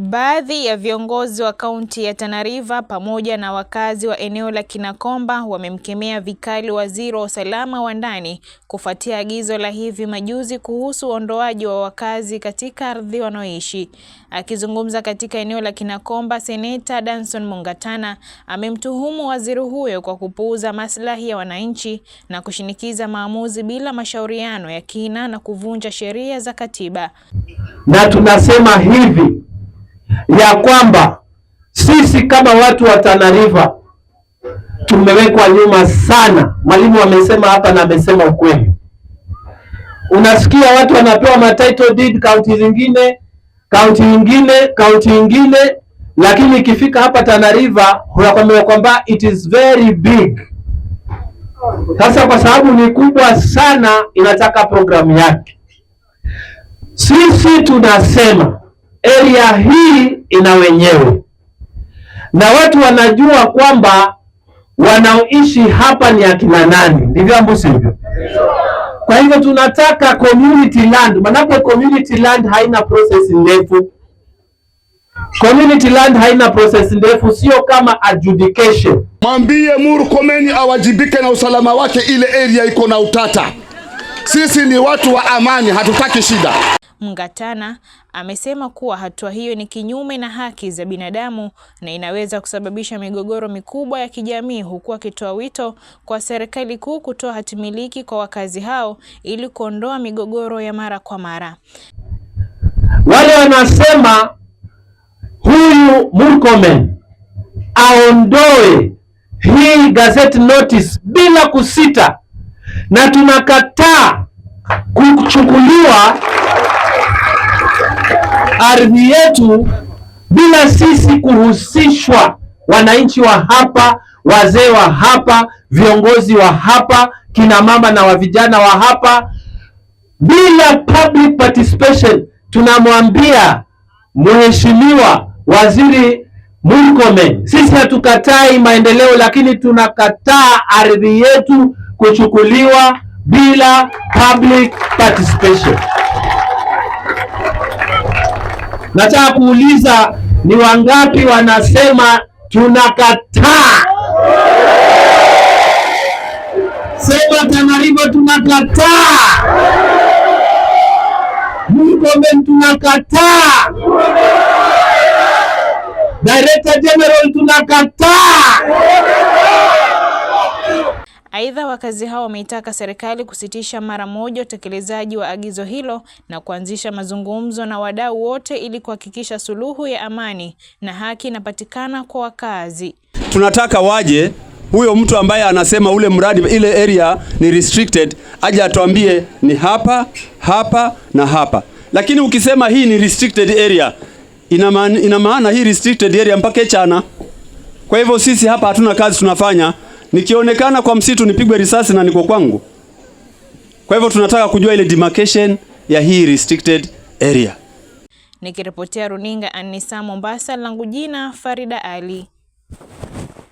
Baadhi ya viongozi wa kaunti ya Tana River pamoja na wakazi wa eneo la Kinakomba wamemkemea vikali waziri wa usalama wa ndani kufuatia agizo la hivi majuzi kuhusu uondoaji wa wakazi katika ardhi wanaoishi. Akizungumza katika eneo la Kinakomba, Seneta Danson Mungatana amemtuhumu waziri huyo kwa kupuuza maslahi ya wananchi na kushinikiza maamuzi bila mashauriano ya kina na kuvunja sheria za katiba. Na tunasema hivi ya kwamba sisi kama watu wa Tana River tumewekwa nyuma sana. Mwalimu amesema hapa na amesema ukweli. Unasikia watu wanapewa title deed kaunti zingine, kaunti nyingine, kaunti nyingine, lakini ikifika hapa Tana River unakwambia kwamba it is very big. Sasa kwa sababu ni kubwa sana, inataka programu yake. Sisi tunasema area hii ina wenyewe, na watu wanajua kwamba wanaoishi hapa ni akina nani, ndivyo ambavyo sivyo? Kwa hivyo tunataka community land, maanake community land haina process ndefu. Community land haina process ndefu, sio kama adjudication. Mwambie Murkomen awajibike na usalama wake, ile area iko na utata. Sisi ni watu wa amani, hatutaki shida. Mngatana amesema kuwa hatua hiyo ni kinyume na haki za binadamu na inaweza kusababisha migogoro mikubwa ya kijamii, huku akitoa wito kwa serikali kuu kutoa hatimiliki kwa wakazi hao ili kuondoa migogoro ya mara kwa mara. Wale wanasema huyu Murkomen aondoe hii gazette notice bila kusita, na tunakataa kuchukuliwa ardhi yetu bila sisi kuhusishwa, wananchi wa hapa, wazee wa hapa, viongozi wa hapa, kina mama na wa vijana wa hapa, bila public participation. Tunamwambia mheshimiwa waziri Murkomen, sisi hatukatai maendeleo, lakini tunakataa ardhi yetu kuchukuliwa bila public participation. Nataka kuuliza ni wangapi wanasema tunakataa? Sema Tanarivo tunakataa, Murkomen tunakataa, Director General tunakataa wakazi hao wameitaka serikali kusitisha mara moja utekelezaji wa agizo hilo na kuanzisha mazungumzo na wadau wote ili kuhakikisha suluhu ya amani na haki inapatikana kwa wakazi. Tunataka waje huyo mtu ambaye anasema ule mradi ile area ni restricted, aje atuambie ni hapa hapa na hapa. Lakini ukisema hii ni restricted area, ina maana, ina maana hii restricted area mpaka chana Kwa hivyo sisi hapa hatuna kazi tunafanya nikionekana kwa msitu nipigwe risasi na niko kwangu. Kwa hivyo tunataka kujua ile demarcation ya hii restricted area. Nikiripotia runinga Anisa Mombasa, langu jina Farida Ali.